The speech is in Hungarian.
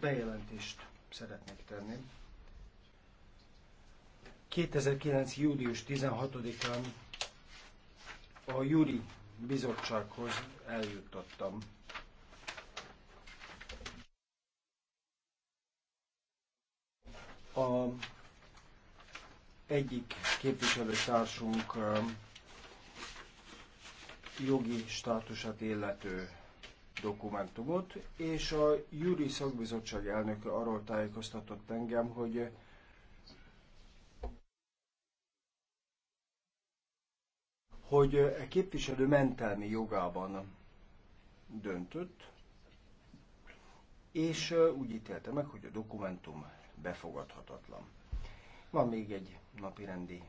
bejelentést szeretnék tenni. 2009. július 16-án a Júri Bizottsághoz eljuttattam. A egyik képviselőtársunk um, jogi státusát illető dokumentumot, és a Júri Szakbizottság elnöke arról tájékoztatott engem, hogy hogy a e képviselő mentelmi jogában döntött, és e, úgy ítélte meg, hogy a dokumentum befogadhatatlan. Van még egy napirendi